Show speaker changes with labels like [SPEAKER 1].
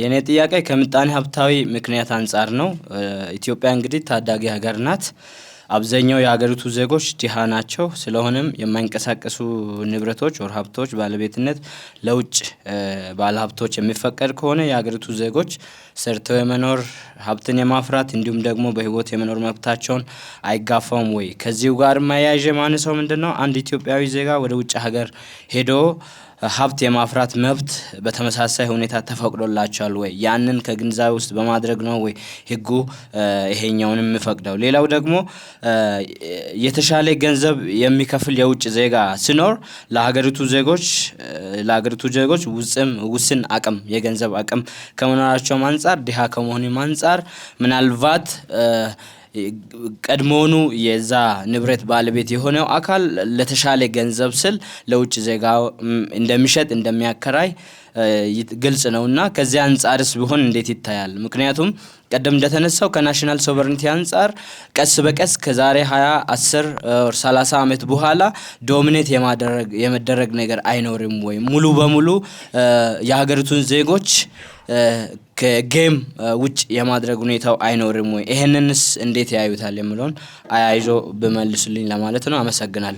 [SPEAKER 1] የእኔ ጥያቄ ከምጣኔ ሀብታዊ ምክንያት አንጻር ነው። ኢትዮጵያ እንግዲህ ታዳጊ ሀገር ናት። አብዛኛው የሀገሪቱ ዜጎች ድሃ ናቸው። ስለሆነም የማይንቀሳቀሱ ንብረቶች ወር ሀብቶች ባለቤትነት ለውጭ ባለሀብቶች የሚፈቀድ ከሆነ የሀገሪቱ ዜጎች ሰርተው የመኖር ሀብትን የማፍራት እንዲሁም ደግሞ በህይወት የመኖር መብታቸውን አይጋፋውም ወይ? ከዚሁ ጋር ማያያዥ ማንሰው ምንድን ነው አንድ ኢትዮጵያዊ ዜጋ ወደ ውጭ ሀገር ሄዶ ሀብት የማፍራት መብት በተመሳሳይ ሁኔታ ተፈቅዶላቸዋል ወይ? ያንን ከግንዛቤ ውስጥ በማድረግ ነው ወይ ህጉ ይሄኛውን የሚፈቅደው? ሌላው ደግሞ የተሻለ ገንዘብ የሚከፍል የውጭ ዜጋ ሲኖር ለሀገሪቱ ዜጎች ለሀገሪቱ ዜጎች ውስን አቅም የገንዘብ አቅም ከመኖራቸውም አንጻር ድሃ ከመሆኑም አንጻር ምናልባት ቀድሞውኑ የዛ ንብረት ባለቤት የሆነው አካል ለተሻለ ገንዘብ ስል ለውጭ ዜጋ እንደሚሸጥ እንደሚያከራይ ግልጽ ነው እና ከዚያ አንጻርስ ቢሆን እንዴት ይታያል? ምክንያቱም ቀደም እንደተነሳው ከናሽናል ሶቨርኒቲ አንጻር ቀስ በቀስ ከዛሬ 20 10 30 ዓመት በኋላ ዶሚኔት የመደረግ ነገር አይኖርም ወይ ሙሉ በሙሉ የሀገሪቱን ዜጎች ከጌም ውጭ የማድረግ ሁኔታው አይኖርም ወይ? ይህንንስ እንዴት ያዩታል የሚለውን አያይዞ ብመልሱልኝ ለማለት ነው። አመሰግናለሁ።